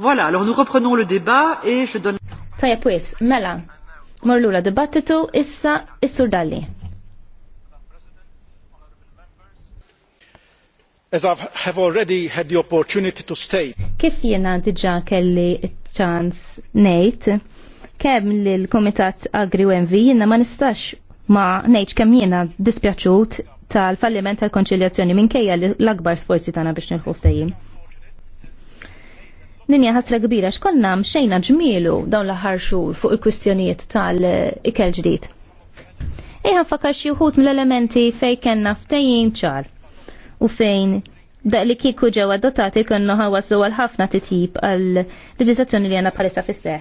Voilà, alors nous reprenons le débat et je donne... Tajja pues, mela, morlula dibattitu issa issur dalli. As I have already had the opportunity to state. Kif jena diġa kelli ċans nejt, kem li l-Komitat Agri UMV jena ma nistax ma nejt kem jena dispjaċut tal-falliment tal-konċiljazzjoni minkejja l-akbar sforzi tana biex nilħu ftajim. Ninja ħasra kbira x'konna mxejna ġmielu dawn l-aħħar xhur fuq il-kwistjonijiet tal-ikel ġdid. Iħan fakar xi wħud mill-elementi fejn kellna ftejjin ċar u fejn daq li kieku ġew adottati kienu ħawassu għal ħafna titjib għal leġislazzjoni li għandna bħalissa fis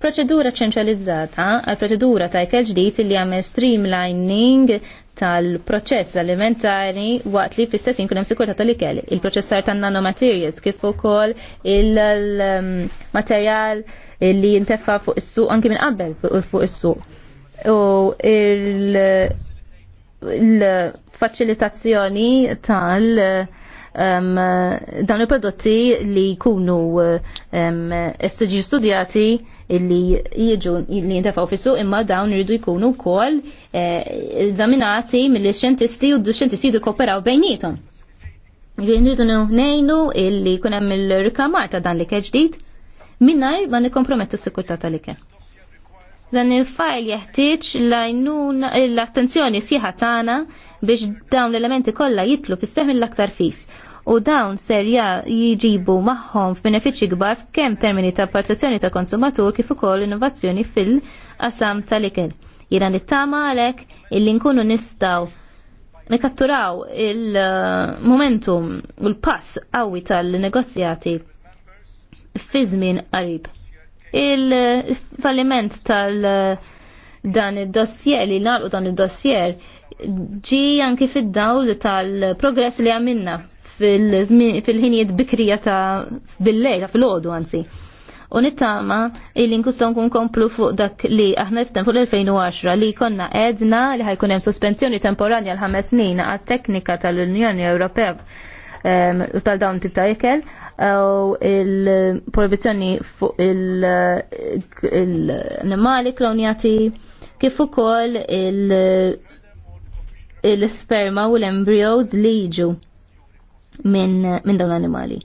proċedura ċentralizzata għal proċedura ta' ikel ġdid li għamel streamlining tal-proċess alimentari waqt li fl-istess jinkun hemm sikurtà tal-ikel. Il-proċessar tan-nanomaterials kif ukoll il-materjal li jinteffa fuq is-suq anki minn qabel fuq is-suq. U il-faċilitazzjoni tal- Um, dan il-prodotti li kunu um, studijati illi jiġu li jintafaw fissu imma dawn iridu jkunu wkoll zaminati eh, mill-xjentisti u d-xjentisti jdu kooperaw bejnietom. Rridu nejnu illi kun hemm il-rikamar ta' dan li keġdid minnar ma nikkompromettu s-sikurtà tal dan il-fajl jeħtieġ l-attenzjoni sieħa tagħna biex dawn l-elementi kollha jitlu fis-seħ mill-aktar fis u dawn serja jiġibu magħhom f'benefiċċji kbar f'kemm termini ta' protezzjoni ta' konsumatur kif ukoll innovazzjoni fil-qasam tal-ikel. Jiena nittama għalhekk illi nkunu nistgħu nikatturaw il-momentum u l-pass qawwi tal-negozjati fi żmien qarib. Il-falliment tal- dan id-dossier li nagħlqu dan id-dossier ġi anki fid-dawl tal-progress li għamilna fil-ħinijiet bikrija ta' bil-lejla, fil-ħodu għansi. U nittama illi nkustaw nkun komplu fuq dak li aħna ftem fuq l-2010 li konna edna li ħajkun hemm sospensjoni temporanja l-ħames snin għat teknika tal-Unjoni Ewropea tal-dawn tip ta' u il-proibizzjoni fuq il-animali klonjati kif ukoll il-sperma u l-embryos li jiġu minn min dawn l-animali.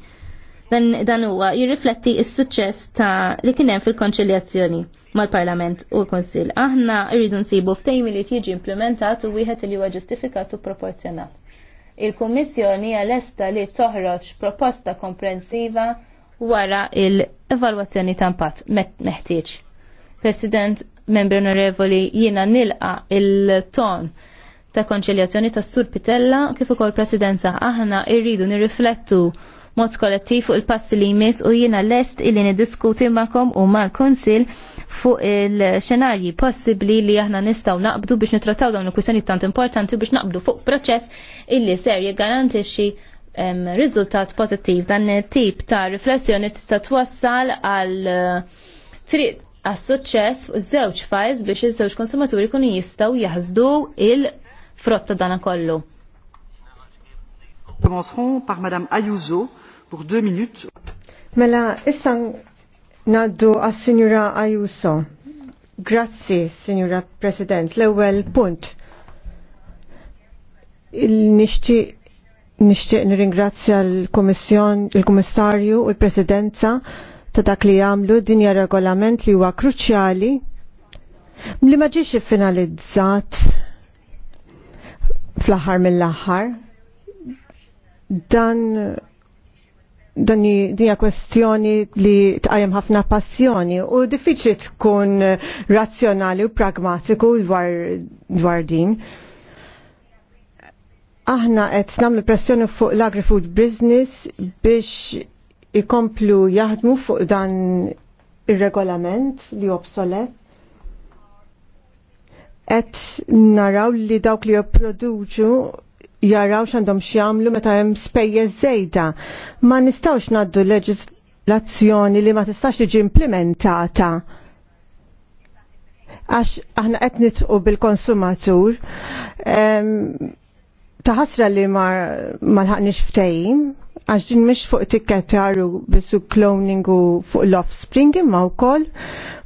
Dan, huwa jirrifletti is-suċċess ta' li kien hemm fil-konċiljazzjoni mal-Parlament u l-Konsil. Aħna rridu nsibu ftejmi li tiġi implementat u wieħed li huwa ġustifikat u proporzjonat. Il-Kummissjoni għal-esta li toħroġ proposta komprensiva wara l evalwazzjoni ta' impatt meħtieġ. President, membri onorevoli, jiena nilqa il-ton ta' konċiljazzjoni ta' Sur Pitella kif ukoll presidenza aħna irridu nirriflettu mod kollettiv fuq il-passi li jmiss u jiena lest illi niddiskuti ma'kom u mal-Konsil fuq il-xenarji possibli li aħna nistaw naqbdu biex nitrattaw dawn il-kwistjoni tant importanti biex naqbdu fuq proċess illi ser jiggarantixxi riżultat pozittiv dan tip ta' riflessjoni tista' twassal għal eh, triq għas-suċċess u żewġ fajs biex iż-żewġ konsumaturi kunu jistgħu jaħżdu il- frotta dana kollu. par Madame Ayuso pour minutes. Mela, issa naddu għas Signora Ayuso. Grazzi, Signora President. L-ewel punt. Il-nishti nishtiq nirringrazzja l-Komissjon, il-Komissarju u l-Presidenza ta' dak li għamlu dinja regolament li huwa kruċjali li ma ġiex finalizzat fl-aħħar mill-aħħar. Dan dan hija kwestjoni li tqajjem ħafna passjoni u diffiċli tkun razzjonali u pragmatiku dwar, dwar din. Aħna qed nagħmlu pressjoni fuq l-agri-food business biex ikomplu jaħdmu fuq dan ir-regolament li obsolet qed naraw li dawk li jipproduċu jaraw xandom xiamlu meta hemm spejjeż żejda. Ma nistgħux naddu leġislazzjoni li ma tistax tiġi implementata għax aħna qed nitqu bil-konsumatur taħasra li ma, l-ħaqnix ftejim għax din mhix fuq tikketjar u bisu cloning u fuq l-offspring imma wkoll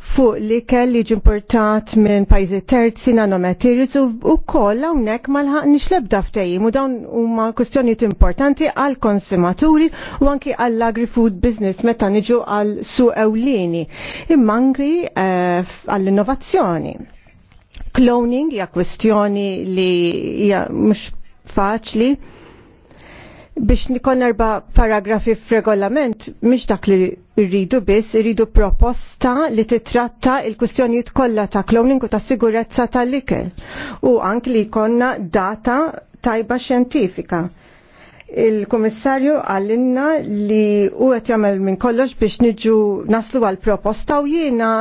fuq li li ġimportat minn pajzi terzi nanomaterials u wkoll hawnhekk ma laħaqniex lebda ftejim, u dawn huma kwistjonijiet importanti għal konsumaturi u anki għall agri-food business meta niġu għal su ewlieni imma anki eh, għall-innovazzjoni. Cloning hija kwistjoni li hija mhux faċli biex nikon erba paragrafi f'regolament, miex dak li rridu biss, rridu proposta li titratta il-kustjonijiet kollha ta' cloning u ta' sigurezza tal likel u anki li jkollna data tajba xjentifika. Il-Kummissarju għallinna li u għet jagħmel minn kollox biex niġu naslu għal proposta u jiena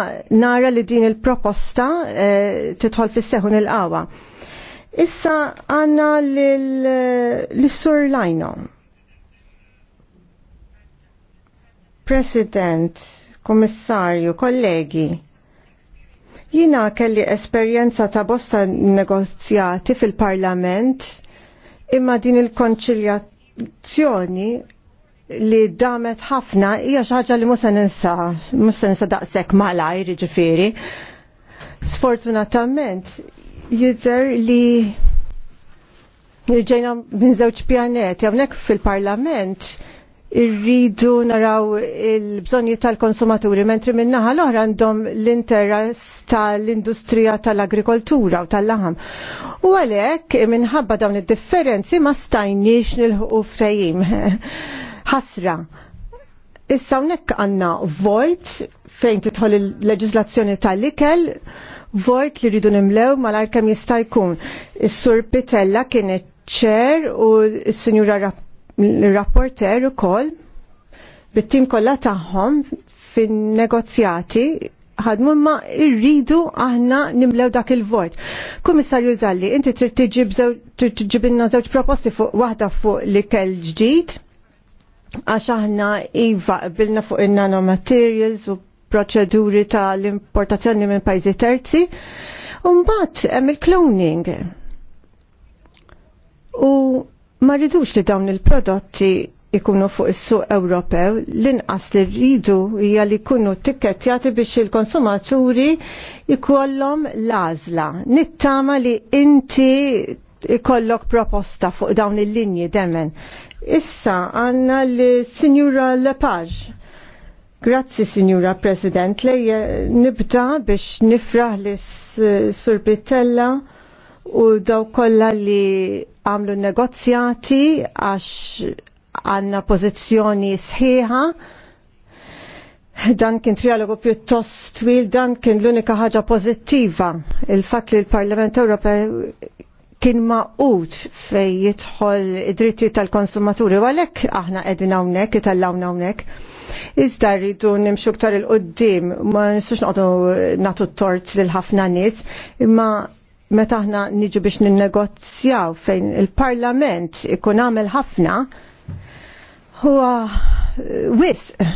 nara li din il-proposta eh, titħol fis-seħun il-qawa. il il qawa Issa għanna l-sur lajna. President, komissarju, kollegi, jina kelli esperjenza ta' bosta negozjati fil-parlament imma din il-konċiljazzjoni li damet ħafna hija xi ħaġa li musa ninsa, musa ninsa daqshekk malaj, ġifieri. Sfortunatament jidżer li ġejna minn żewġ pjaneti, hawnhekk fil-Parlament irridu naraw il-bżonji tal-konsumaturi, mentri minnaħa l-oħra għandhom l-interess tal-industrija tal-agrikoltura u tal-laħam. U għalek, minħabba dawn id-differenzi ma stajniex nil-ħu ftejim. Ħasra. Issa unnek għanna vojt fejn titħol il-leġizlazzjoni tal-ikel, vojt li rridu nimlew mal-ar kem jista' jkun. Is-sur Pitella kien ċer u s-sinjura rapporter u kol bit-tim kollha tagħhom fin-negozjati ħadmu ma irridu aħna nimlew dak il vojt Komissarju Dalli, inti trid tiġibinna żewġ proposti fuq waħda fuq li kell ġdid għax aħna iva qbilna fuq in materials u proċeduri tal-importazzjoni minn pajjiżi terzi. U mbagħad hemm il-cloning. U ma rridux li dawn il-prodotti ikunu fuq is-suq Ewropew, l-inqas li rridu hija li jkunu tikkettjati biex il-konsumaturi jkollhom l-għażla. Nittama li inti ikollok proposta fuq dawn il-linji demen. Issa għanna l-Sinjura Lepage. Grazzi, Signora President. Lej eh, nibda biex nifraħ li eh, Sur Pittella u daw kolla li għamlu negozjati għax għanna pozizjoni sħiħa. Dan kien trialogu pjuttost twil, dan kien l-unika ħaġa pozittiva. Il-fat li l-Parlament Ewropew kien maqut fej jidħol id-dritti tal-konsumaturi, u għalhekk aħna qegħdin hawnhekk, itallawna hawnhekk. Iżda rridu nimxu ktar il-qoddim, ma nistux noqogħdu nagħtu t-tort lil ħafna nies, imma meta aħna niġu biex ninnegozjaw fejn il-Parlament ikun għamel ħafna, huwa wisq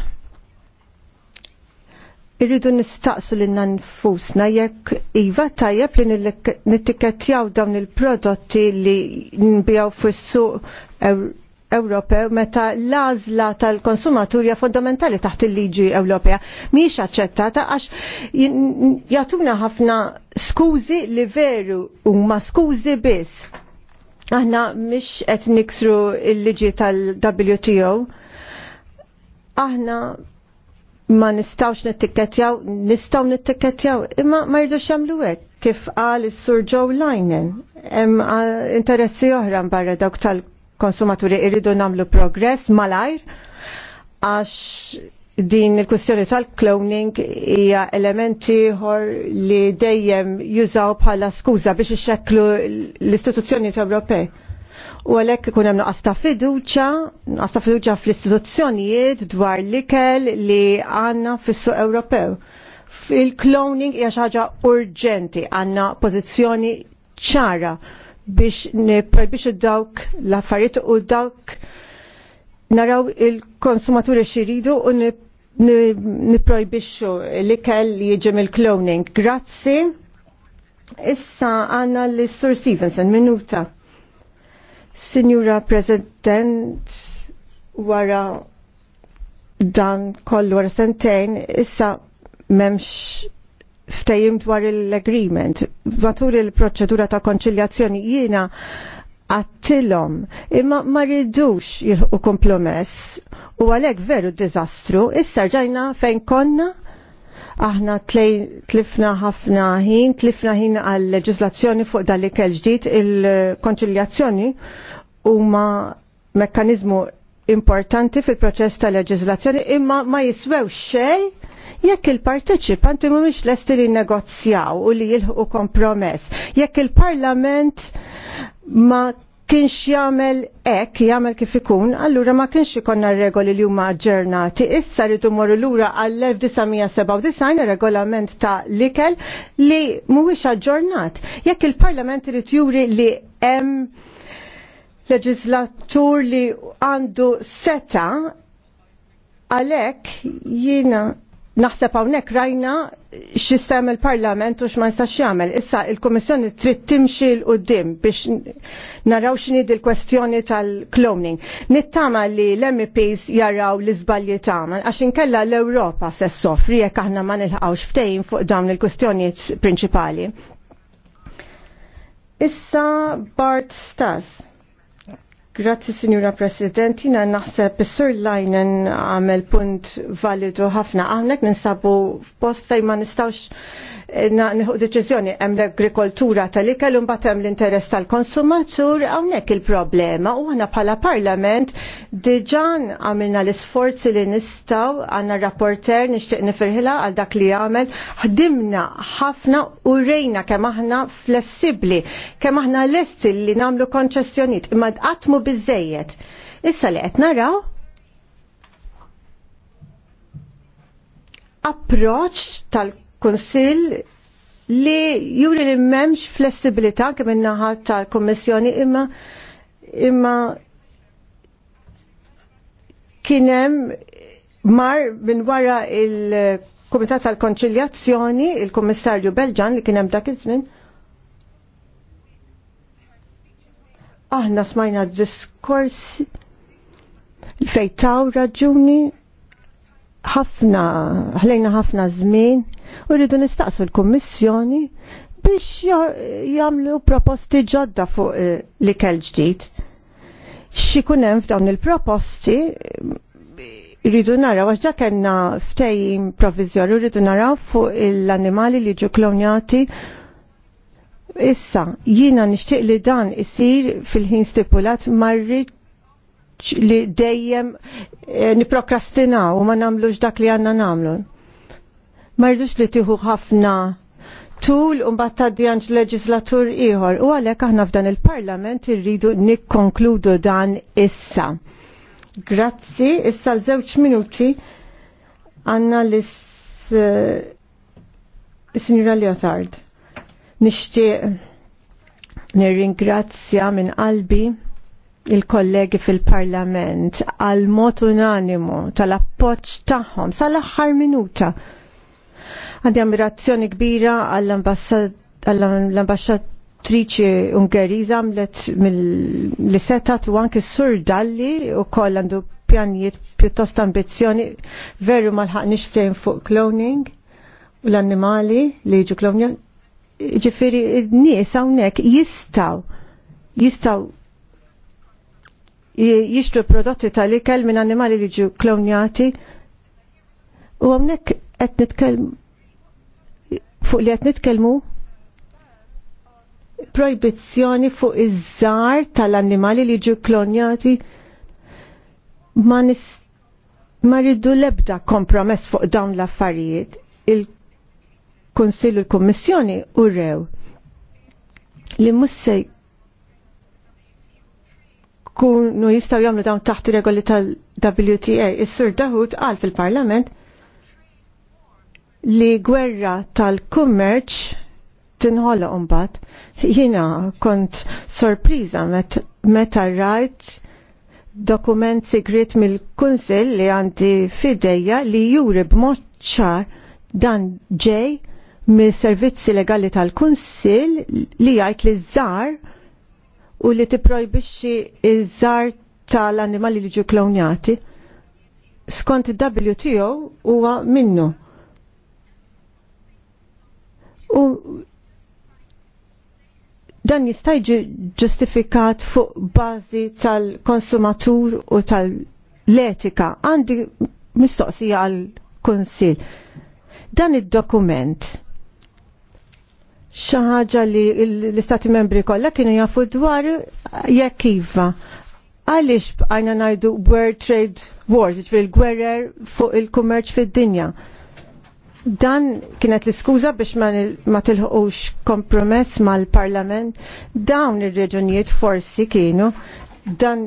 Irridu nistaqsu li nanfusna jekk iva tajjeb li nittikettjaw dawn il-prodotti li nbijaw fis-suq Ewropew meta l-għażla tal-konsumatur hija fondamentali taħt il-liġi Ewropea mhijiex aċċettata għax jagħtuna ħafna skużi li veru huma skużi biss. Aħna mhix qed niksru l-liġi tal-WTO. Aħna ma nistawx nittikketjaw, nistaw nittikketjaw, imma ma jirdux jagħmlu hekk kif qal is-Sur Joe Linen. Hemm interessi oħra barra dawk tal-konsumaturi jridu nagħmlu progress malajr għax din il-kwistjoni tal-cloning hija elementi ħor li dejjem jużaw bħala skuża biex ixxekklu l-istituzzjoni Ewropej u għalhekk ikun hemm nuqqas ta' fiduċja, fiduċa fiduċja fl-istituzzjonijiet dwar l-ikel li għandna fis-suq Ewropew. Il-cloning hija xi ħaġa urġenti, għandna pożizzjoni ċara biex nipprojbixxu dawk l-affarijiet u dawk naraw il-konsumaturi xiridu u niprojbixxu l-ikel li jiġi il cloning Grazzi. Issa għanna l-Sur Stevenson, minuta. Signora President, wara dan kollu wara sentejn, issa memx ftajim dwar l-agreement. Matul il-proċedura ta' konċiljazzjoni jiena għattilom imma ma ridux jilħu kompromess u għalek veru dizastru issa ġajna fejn konna aħna tlifna ħafna ħin, tlifna ħin għal leġislazzjoni fuq dalik il-ġdid il-konċiljazzjoni il ġdid il-konċiljazzjoni huma mekkaniżmu importanti fil-proċess ta' leġislazzjoni imma ma jiswew xej jekk il-parteċipanti mhumiex lesti li negozjaw u li jilħu kompromess. Jekk il-Parlament ma kienx jagħmel hekk, jagħmel kif ikun, allura ma kienx ikonna regoli li huma ġernati. Issa rridu morru lura għall-1997 regolament ta' likel li mhuwiex aġġornat. Jekk il-Parlament irid juri li hemm leġislatur li għandu seta għalek jina naħseb hawnhekk rajna x'istem il-Parlament u x'ma jistax jagħmel. Issa il-Kummissjoni trid timxi l qudiem biex naraw x'inhi il kwestjoni tal-cloning. Nittama li l-MEPs jaraw l-iżbalji tagħmel għax inkella l-Ewropa se soffri jekk aħna ma nilħaqgħux ftejn fuq dawn il-kwestjonijiet prinċipali. Issa Bart Stas. Grazzi, Signora President. Jina naħseb Sir Leinen għamel punt validu ħafna. għawnek ninsabu f'post fej ma nistawx nħu deċiżjoni hemm l-agrikoltura tal-ikel u mbagħad hemm l-interess tal-konsumatur hawnhekk il-problema u aħna bħala parlament diġà għamilna l-isforzi li nistgħu għandna rapporter nixtieq nifirħilha għal dak li għamel ħdimna ħafna u rejna kemm aħna flessibbli kemm aħna lesti li nagħmlu konċessjonijiet imma qatt biżejjed. Issa li qed naraw approċ tal kunsill li juri li memx flessibilità kemm minnaħa tal-Kommissjoni imma imma kienem mar minn wara il-Kumitat tal-Konċiljazzjoni, il-Kummissarju Belġan li kienem dak iż-żmien. Aħna smajna diskorsi fejtaw raġuni ħafna, ħlejna ħafna żmien u rridu nistaqsu l-Kummissjoni biex jagħmlu proposti ġodda fuq eh, l-ikel ġdid. X'ikun hemm f'dawn il-proposti rridu naraw għax dak kellna ftejjim rridu naraw fuq l-annimali li ġu klonjati Issa, jina nixtieq li dan isir fil-ħin stipulat marri li dejjem eh, niprokrastinaw u ma namlux dak li għanna namlun ma rridux li tieħu ħafna tul un battadjanġ leġislatur ieħor u għalhekk aħna f'dan il-Parlament irridu nikkonkludu dan issa. Grazzi, issa l-żewġ minuti għanna l-Sinjura eh, Leotard. Nixtieq nirringrazzja minn qalbi il-kollegi fil-Parlament għal mod unanimu tal-appoġġ tagħhom sal-aħħar minuta. Għandi ammirazzjoni kbira għall-ambasċatriċi Ungheriża għamlet mill-setat u anke sur Dalli u koll għandu pjanijiet pjuttost ambizzjoni veru malħaqnix fejn fuq cloning u l-annimali li jiġu klonja. Ġifiri, n-nies hawnhekk jistaw jistaw jixtru prodotti tal-ikel minn annimali li ġu klonjati u għawnek qed nitkellmu fuq li qed nitkellmu proibizzjoni fuq iż-żar tal-annimali li ġu klonjati ma nis ma rridu lebda kompromess fuq dawn l-affarijiet. Il-Kunsill u l-Kummissjoni urrew li musse kunu jistaw jamlu dawn taħt regoli tal-WTA. Is-Sur Daħud għal fil-Parlament li gwerra tal-kummerċ tinħolla umbat. Jina kont sorpriza met, meta rajt dokument segret mill kunsel li għandi fideja li juri b'mod ċar dan ġej mis servizzi legali tal kunsel li jgħid li żar u li tipprojbixxi iż-żar tal-annimali li ġu klonjati. Skont il-WTO huwa minnu dan jista' jiġi ġustifikat fuq bażi tal-konsumatur u tal-etika. Għandi mistoqsija għal kunsil Dan id-dokument xi ħaġa li l-Istati Membri kollha kienu jafu dwar jekk iva. Għaliex bqajna ngħidu World Trade Wars, ġifier il-gwerer fuq il-kummerċ fid-dinja. il-gwerer fuq il-kummerċ fid-dinja. il kummerċ fid dinja dan kienet l-iskuża biex ma tilħuqux kompromess mal-parlament dawn ir-reġunijiet forsi kienu dan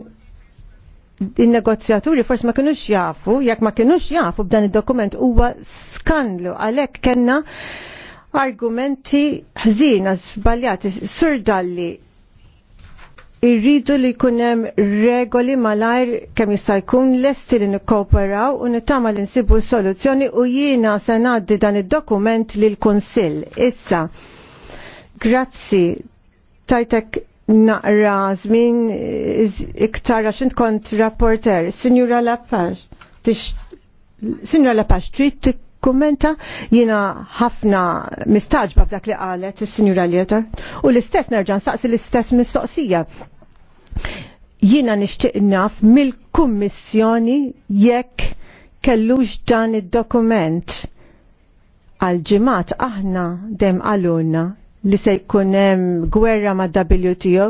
il-negozjaturi forsi ma kienux jafu, jekk ma kienux jafu b'dan id-dokument huwa skandlu għalhekk kena argumenti ħżina żbaljati surdalli irridu li kunem regoli malajr kemm jista' jkun lesti li nikkooperaw u nittama li nsibu soluzzjoni u jiena se ngħaddi dan id-dokument l kunsill. Issa, grazzi tajtek naqra żmien iktar għax kont rapporter. Sinjura Lapax, signora Lapax, trid kummenta jiena ħafna mistaġba b'dak li qalet is-Sinjura Lieter u l-istess nerġa' nsaqsi l-istess mistoqsija. Jiena nixtieq naf mill-Kummissjoni jekk kellux dan id-dokument għal ġimat aħna dem għalunna li se jkun hemm gwerra ma' WTO,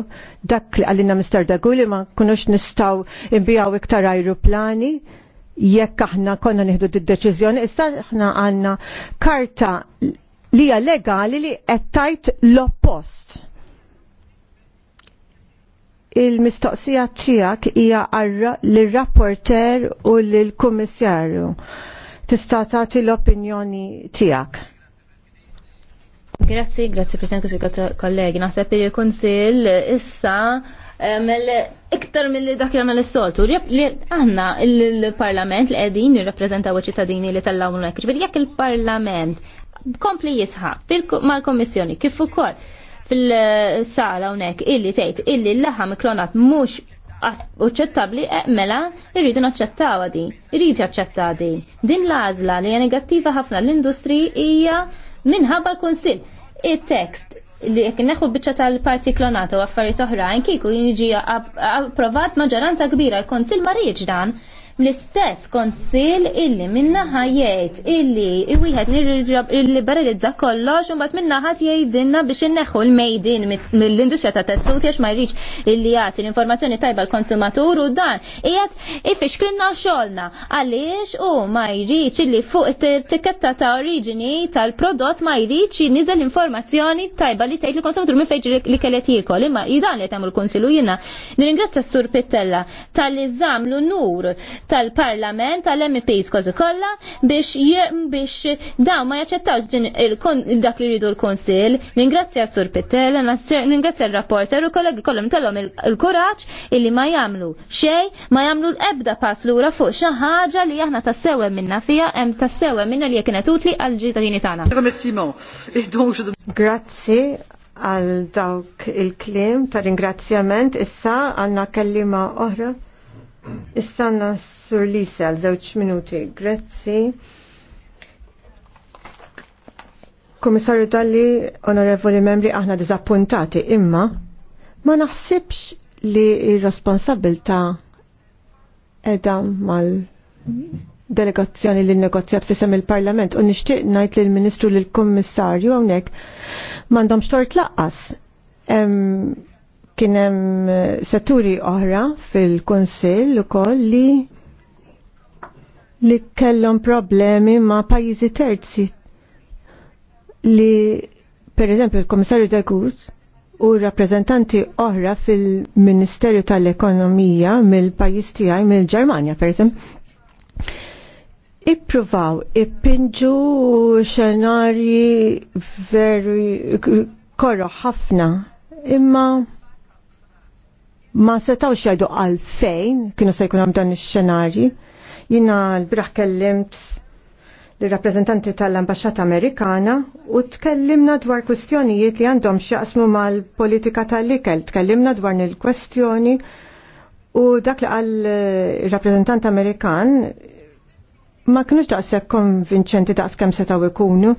dak li għalina Mr. Daguli ma' kunux nistaw imbijaw iktar ajruplani, jekk aħna konna nieħdu d-deċiżjoni, issa aħna għandna karta li hija legali li qed tajt l-oppost. Il-mistoqsija tiegħek hija lir-rapporter u lill-kummissarju. Tista' tagħti l-opinjoni tiegħek. Grazzi, grazie President, kollegi. Naħseb il-Kunsill issa iktar mill-li dak jagħmel is-soltu. Li aħna il-Parlament li qegħdin jirrappreżentaw iċ-ċittadini li tellgħu hekk. Ġifieri jekk il-Parlament kompli jisħa mal-Kommissjoni kif ukoll fil-sala hawnhekk illi tgħid illi l-laħam klonat mhux uċċettabli e, mela irridu naċċettawha din, irridu jaċċettaw din. Din l-għażla li hija negattiva ħafna l-industri hija minħabba l-Kunsill. it tekst li jek neħu biċċa tal-parti klonata u affarijiet oħrajn kieku jiġi approvat maġġoranza kbira l-Konsil ma dan l-istess konsil illi minna jgħid illi wieħed nirliberalizza kollox u minna ħat jgħidilna biex inneħħu l-mejdin mill-industrija ta' tessut jax ma jridx illi jagħti l-informazzjoni tajba l-konsumatur u dan qiegħed klinna xogħolna għaliex u ma jridx illi fuq it-tiketta ta' oriġini tal-prodott ma jridx l informazzjoni tajba li tajt l-konsumatur minn fejn li kellet jiekol imma jidan li jtamu l konsilu jina jiena ingrazza s-sur Pittella tal izzam l nur tal-Parlament, tal-MPs kważi kollha biex biex daw ma jaċċettawx dak li jridu l-Konsil. Ringrazzja Sur Pittel, ringrazzja l-rapporter u kollegi kollhom tellhom il-kuraġġ illi ma jagħmlu xej, ma jagħmlu l-ebda pass lura fuq xi ħaġa li aħna tassewem minna fija hemm tassewem minna li kienet utli għal-ġitadini tagħna. Grazzi għal dawk il-klim ta' ringrazzjament issa għanna kellima oħra Istanna Sur Lisa għal żewġ minuti. Grazzi. Komissarju Dalli, onorevoli membri, aħna dizappuntati imma ma naħsibx li ir-responsabilta edha mal delegazzjoni li negozjat fisem il-Parlament u nixtieq ngħid l ministru lill kummissarju hawnhekk m'għandhomx tort laqqas. Kienem eh, setturi oħra fil-Konsil ukoll li li kellhom problemi ma' pajjiżi terzi li per eżempju il-Komissarju Kut u rappresentanti oħra fil-Ministerju tal-Ekonomija mill-pajjiż tiegħi mill-Ġermanja per eżempju. Ippruvaw ippinġu xenarji veru korro ħafna imma ma setawx jgħidu għalfejn kienu se jkun hemm dan ix-xenarji. Jiena l brah kellimt l-rappreżentanti tal-Ambaxxata Amerikana u tkellimna dwar kwistjonijiet li għandhom x'jaqsmu mal-politika tal-ikel. Tkellimna dwar il-kwestjoni u dak li għal rappreżentant Amerikan ma kienux daqshekk konvinċenti daqs kemm setgħu jkunu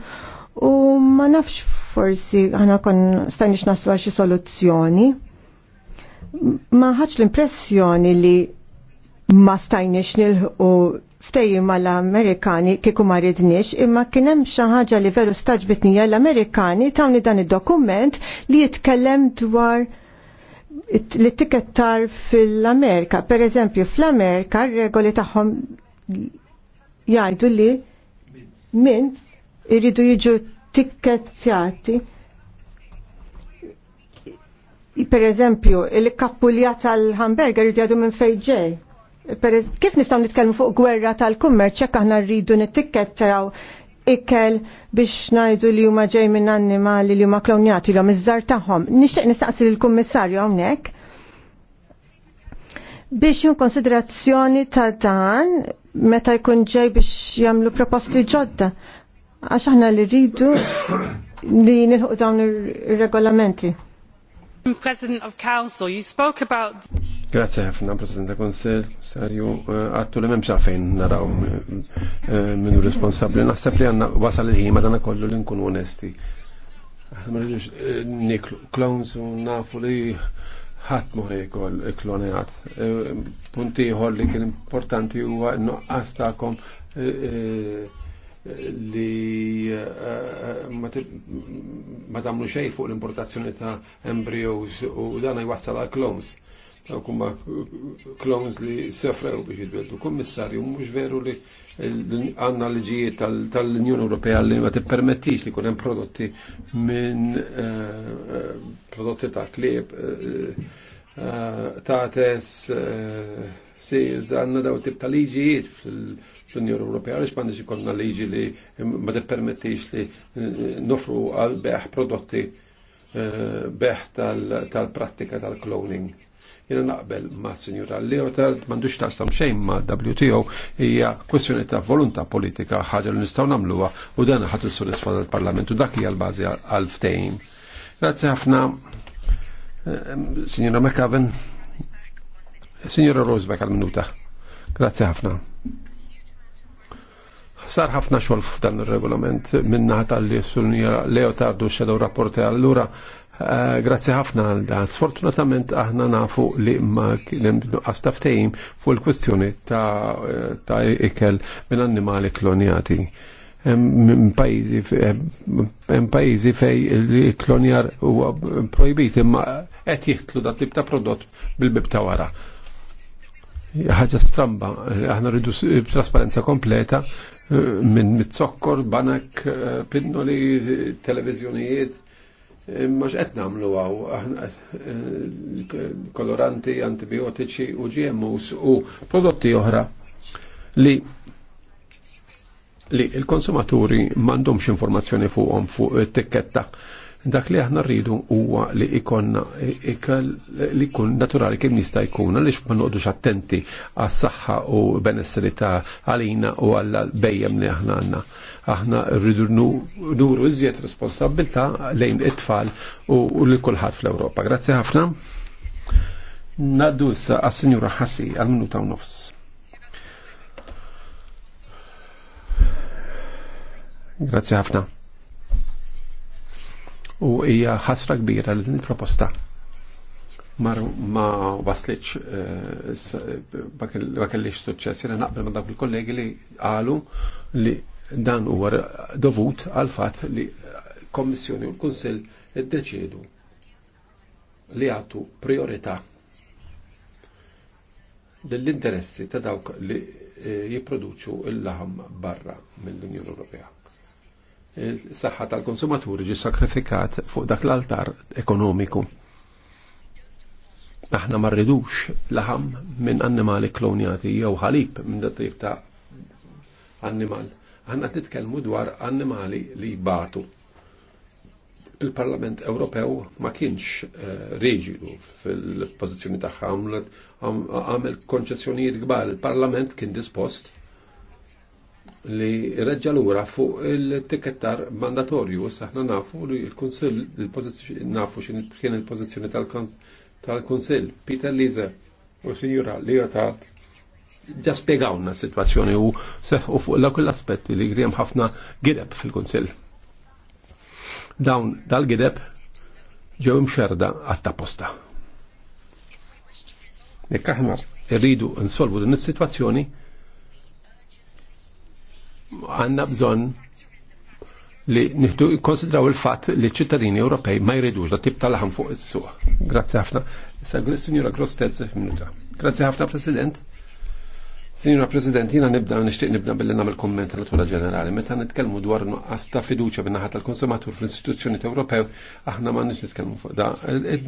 u ma nafx forsi aħna kon stajniex naslu għal xi soluzzjoni ma ħadx l-impressjoni li ma stajniex nilħu ftejji mal-Amerikani kieku ma ridniex, imma kien hemm xi ħaġa li veru staġbitnija l-Amerikani tawni dan id-dokument li jitkellem dwar li tikettar fil-Amerika. Per eżempju, fl-Amerika regoli tagħhom jgħidu li minn iridu jiġu tikkettjati Per eżempju, il-kappulja tal-hamburger jgħadu minn fejġej. Kif nistaw nitkellmu fuq gwerra tal-kummerċ jekk aħna rridu nittikettaw ikel biex najdu li huma ġej minn annimali li huma klonjati l iż-żar tagħhom. Nixtieq nistaqsi lill-kummissarju hawnhekk biex jun konsiderazzjoni ta' dan meta jkun ġej biex jagħmlu proposti ġodda. Għax aħna li rridu li nilħuq dawn ir-regolamenti. Grazie ħafna, President ta' Konsel, Sarju, eh, għattu li memxa fejn naraw eh, eh, minnu responsabli. Naħseb li għanna wasal il-ħima dana kollu li nkun onesti. Niklu, klons u nafu li ħat muħi kol klonijat. Punti li kien importanti u nuqqas ta'kom li eh, eh, ma tamlu xej fuq l-importazzjoni ta' embryos u dan jwassal għal clones. Daw kumma clones li sefrew biex jitbedlu. Kummissarju, mux veru li għanna l-ġijiet tal-Unjoni Ewropea li ma t-permettix li kunem prodotti minn eh, prodotti ta' klib, ta' tes sejz għanna daw tip tal-ġijiet fil- fl-Unjoni Ewropea għaliex m'għandix ikollna liġi li ma tippermettix li eh, nofru għal beħ prodotti eh, beħ tal-prattika tal-cloning. Jena naqbel ma' Sinjura Leotard ta' stam xejn ma' WTO hija kwestjoni ta' volontà politika ħagġa li nistaw namluwa, u dan ħadd issodisfa l-Parlament u dak hija l bazi għal ftejn Grazie ħafna, eh, Sinjura McAven, Signora Rosbeck għal-minuta. Grazie ħafna. Sar ħafna xogħol f'dan ir-regolament minna tal-li Leo Leotardu xedaw rapporti allura eh, grazie ħafna għal da. Sfortunatament aħna nafu li ma kienem għastaftejim fuq il-kwestjoni eh, ta' ikel minn annimali klonjati. Pajizi eh, fej il-klonjar huwa projbit imma qed jitlu dat tip ta' prodott bil-bib ta' wara. Ħaġa stramba, aħna rridu trasparenza kompleta, Eh, minn mitzokkor, banak, eh, pinnoli, televizjonijiet, eh, Maġ qed nagħmlu għaw koloranti, antibiotiċi u GMOs u prodotti oħra li li il-konsumaturi m'għandhomx informazzjoni fuqhom fuq it-tikketta Dak li aħna rridu huwa li ikonna li kun naturali kemm jista' jkun għaliex ma noqdux attenti għas-saħħa u benessri ta' għalina u għall-bejjem li aħna għandna aħna rridu nuru iżjed responsabilta lejn it-tfal u li kulħadd fl-Ewropa. Grazzi ħafna. Naddu issa għas-Sinjura Ħassi għal-minuta u nofs. Grazzi ħafna u hija ħasra kbira li din il-proposta mar ma waslitx eh, ma kellix suċċess. jiena naqbel ma dawk il-kollegi li qalu li dan huwa dovut għal fatt li kommissjoni u l-Kunsill iddeċiedu li għatu priorità dell-interessi ta' dawk li eh, jipproduċu il-laħam barra mill-Unjoni Ewropea il-saħħa tal-konsumaturi ġi sakrifikat fuq dak l-altar ekonomiku. Aħna ma rridux laħam minn annimali klonjati jew ħalib minn dat tip ta' annimal. Aħna titkellmu dwar annimali li batu. Il-Parlament Ewropew ma kienx uh, eh, reġilu fil-pozizjoni tagħha għamel konċessjonijiet kbar. Il-Parlament kien dispost li reġġalura fuq il-tikettar mandatorju. Saħna nafu li il-Konsil, nafu xin kien il-pozizjoni tal-Konsil. Peter Lise u Sinjura Liotard ġa spiegawna situazzjoni u seħu fuq la kull aspetti li griem ħafna gideb fil-Konsil. Dawn dal-gideb ġew imxerda għatta posta. Nekkaħna, irridu nsolvu din is situazzjoni għanna bżon li nihdu konsidraw il-fat li ċittadini Ewropej ma jridux da tip tal-ħan fuq is-suq. Grazzi ħafna. Sa' signora Grostez minuta. Grazie ħafna President. Signora President, jina nibda nishtiq nibda billi namel komment natura ġenerali. Meta nitkellmu dwar nuqqas ta' fiduċa bin-naħa tal-konsumatur fl-istituzzjoni Ewropew, aħna ma nix nitkellmu fuq da.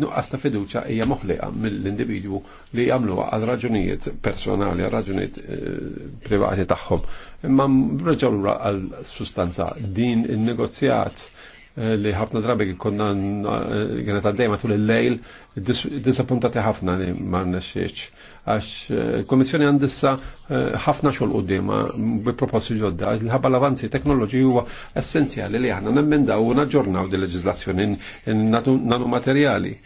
Nuqqas ta' fiduċa hija moħliqa mill-individwu li jamlu għal raġunijiet personali, għal raġunijiet eh, privati tagħhom. Imma reġgħu għal sustanza din il-negozjat eh, li ħafna drabi konna għenet eh, għaddejma tul il-lejl, disappuntati ħafna li ma nxieċ għax eh, il-Komissjoni għandissa eh, ħafna xogħol qudiema bi proposti ġodda l-ħabba l-avanzi teknoloġiji huwa essenzjali li aħna nemmendaw u naġġornaw di leġiżlazzjoni nanu materjali.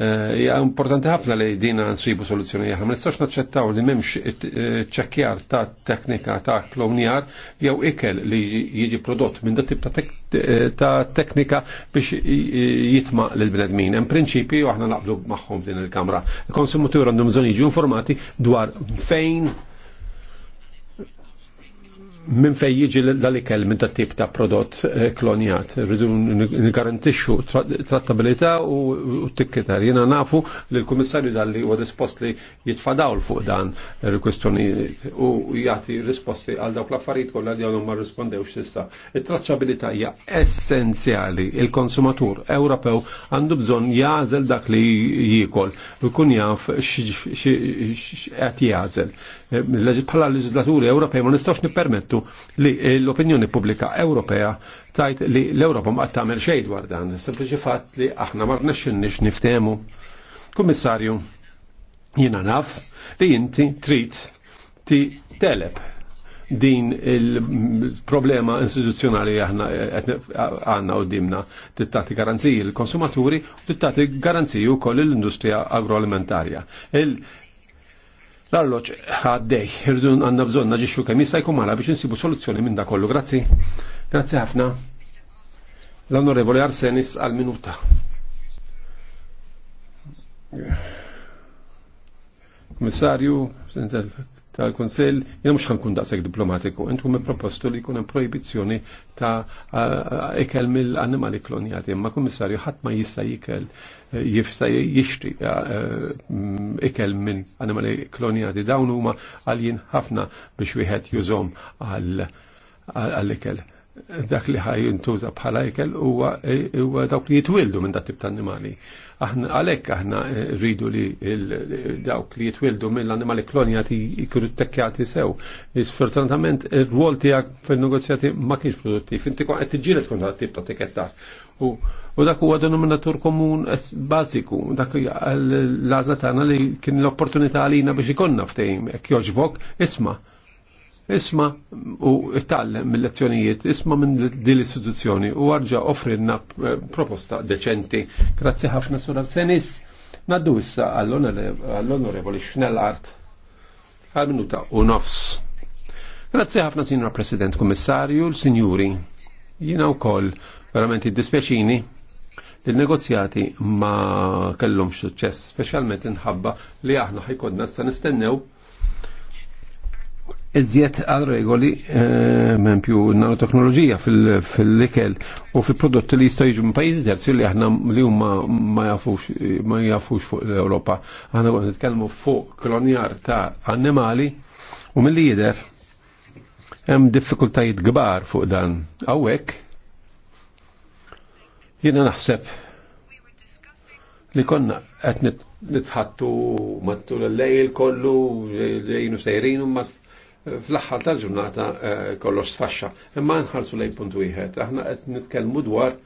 Eh, ja importanti ħafna li dina nsibu soluzzjoni jaħna. nistax naċċettaw li m'hemmx eh, ċekkjar ta' teknika ta' klonjar jew ikel li jiġi prodott minn da' tip ta' teknika biex jitma l bnedmin. Hemm prinċipji u aħna naqblu magħhom din il-kamra. il għandhom bżonn jiġu informati dwar fejn minn fej jiġi dalikel minn ta' tip ta' prodott eh, klonjat. Rridu nigarantixxu trattabilità u t-tikketar. Jena nafu li l-Kummissarju dalli u dispost li jitfadaw fuq dan il-kwestjonijiet u jagħti risposti għal dawk l-affarijiet kollha li għandhom ma rispondew xista. Il-traċċabilità hija essenzjali. Il-konsumatur Ewropew għandu bżonn jażel dak li jiekol u jkun jaf x'qed jażel. Eh, bħala l-leġislaturi Ewropej ma nistgħux nippermettu li l-opinjoni pubblika Ewropea tajt li l-Ewropa ma tagħmel xejn dwar dan, sempliċi fatt li aħna ma rnexxinniex niftehmu. Kummissarju, jiena naf li inti trid ti teleb din il-problema istituzzjonali aħna għanna u dimna tittati garanziji il konsumaturi u tittati garanziji u koll l-industrija agroalimentarja l alloċ għaddej, irdun għanna bżonna ġiexu kemm jista' jkun mala biex nsibu soluzzjoni minn da kollu. Grazzi. Grazzi ħafna. L-Onorevole Arsenis għal minuta. Kommissarju, tal-Konsell, jena mux ħankun daqseg diplomatiku, intu me propostu li jkun proibizjoni ta' ikel mill-annimali klonjati, ma komissarju ħat ma jista jikel jifsa jishti ikel minn animali klonjati, dawn huma għaljin ħafna biex wieħed jużom għal-ikel. Dak li ħaj jintuża bħala ikel huwa dawk li jitwildu minn dat tip ta' annimali. Aħna għalhekk aħna eh, rridu li dawk li jitwildu mill animali klonjati jkunu tekkjati sew. Sfortunatament ir-rwol tiegħek fil-negozjati ma kienx produttiv. Inti qed tiġġieled kont tip ta' t-tekkjata. U dak huwa denominatur komun bażiku, dak l-għażla tagħna li kien l-opportunità għalina biex ikonna ftehim, jekk jogħġbok, isma' Isma u tallem mill-lezzjonijiet, isma minn din l-istituzzjoni u għarġa offrinna eh, proposta deċenti. Grazzi ħafna sura senis. Naddu issa għall-onorevoli Schnellart għal-minuta u nofs. Grazzi ħafna, Sinjora President, Kommissarju, l-Sinjuri. Jina u koll, verament id dispeċini il-negozjati ma kellum suċċess, speċjalment inħabba li aħna ħajkodna s nistennew iżjed għal regoli eh, minn più nanoteknoloġija fil-likel u fil-prodotti li jistgħu jiġu minn pajjiżi terzi li aħna li huma ma jafux ma jafux fuq l-Ewropa. Aħna qed nitkellmu fuq klonjar ta' annimali u mill jider hemm diffikultajiet kbar fuq dan. Hawnhekk jiena naħseb li konna qed nitħattu mattu l-lejl kollu lejnu sejrin u fl-aħħar tal-ġurnata eh, kollox sfaxxa. Imma nħarsu lejn punt wieħed, aħna qed nitkellmu dwar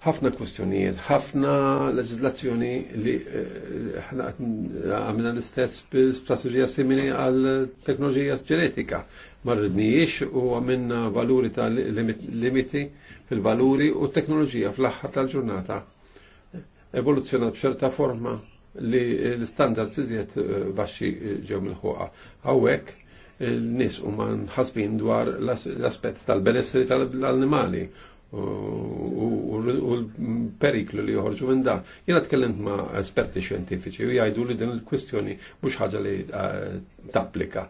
ħafna kwistjonijiet, ħafna leġislazzjoni li eh, ħna għamilna l-istess strategija simili għal teknoloġija ġenetika. Ma rridniex u għamilna valuri ta' limiti fil-valuri u teknoloġija fl-aħħar tal-ġurnata evoluzzjonat b'ċerta forma li l-standards iżjed eh, baxxi ġew mill-ħuqa. Hawnhekk nis u ma nħasbin dwar l-aspet tal-benessri tal-animali u l-periklu li joħorġu minn da. Jena tkellimt ma' esperti xjentifiċi u jgħidu li din il-kwistjoni mhux ħaġa li eh, tapplika.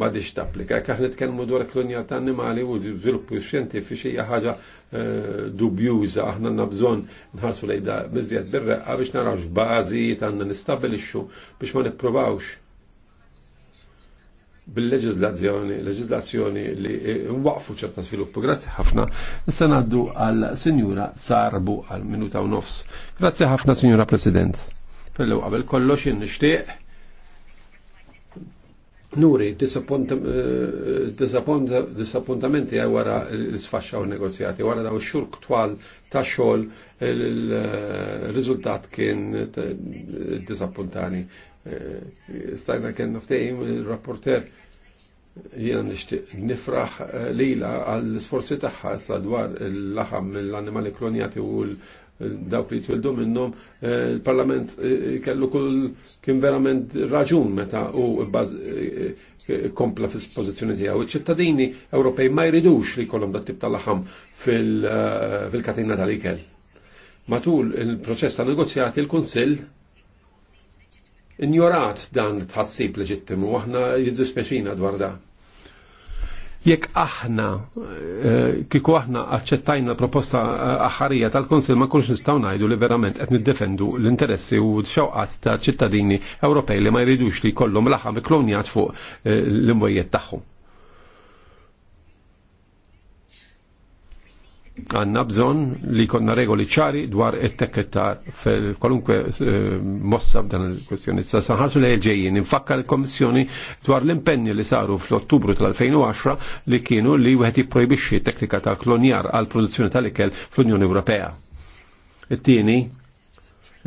Ma diċ tapplika, jekk aħna nitkellmu dwar klonjar ta' animali u l-żviluppi xjentifiċi hija ħaġa eh, dubjuża aħna għandna bżonn nħarsu lejda biżjed birreqqa biex naraw x'bażi għandna nistabilixxu biex ma nippruvawx bil-leġizlazzjoni, leġizlazzjoni li eh, waqfu ċerta sviluppu. Grazzi ħafna. Issa naddu għal Sinjura Sarbu għal minuta u nofs. Grazzi ħafna, Sinjura President. Fellow qabel kollox nixtieq Nuri, eh, disappuntamenti għaj wara l-sfasċa u negozjati, wara daw xurk twal ta' xol il-rizultat eh, kien disappuntani. Eh, stajna kien nuftejn il-rapporter jiena nixtieq nifraħ eh, lila għall-isforzi tagħha sa dwar l laħam mill-annimali klonjati u dawk li twildu minnhom eh, il-Parlament kellu kull kien verament raġun meta u kompla fis pożizzjoni tiegħu. Iċ-ċittadini Ewropej ma jridux li jkollhom dat tip tal-laħam fil-katina tal-ikel. Matul il-proċess ta' negozjati il-Kunsill injorat dan tħassib leġittimu, aħna jizzispeċina dwar da. Jekk aħna, eh, kiku aħna aċċettajna proposta eh, aħarija tal-Konsil ma kunx nistaw najdu li verament qed niddefendu l-interessi u xewqat ta' ċittadini Ewropej li ma jridux li kollhom laħam klonjat fuq eh, l-imwejjed tagħhom. għanna bżon li konna regoli ċari dwar it-tekketar fil-kwalunkwe eh, mossa b'dan il-kwestjoni. Sa sanħarsu li ġejjin, infakka l-Komissjoni dwar l-impenni li saru fl-Ottubru tal-2010 li kienu li wieħed jipprojbixxi teknika ta' klonjar għal produzzjoni tal-ikel fl-Unjoni Ewropea. It-tieni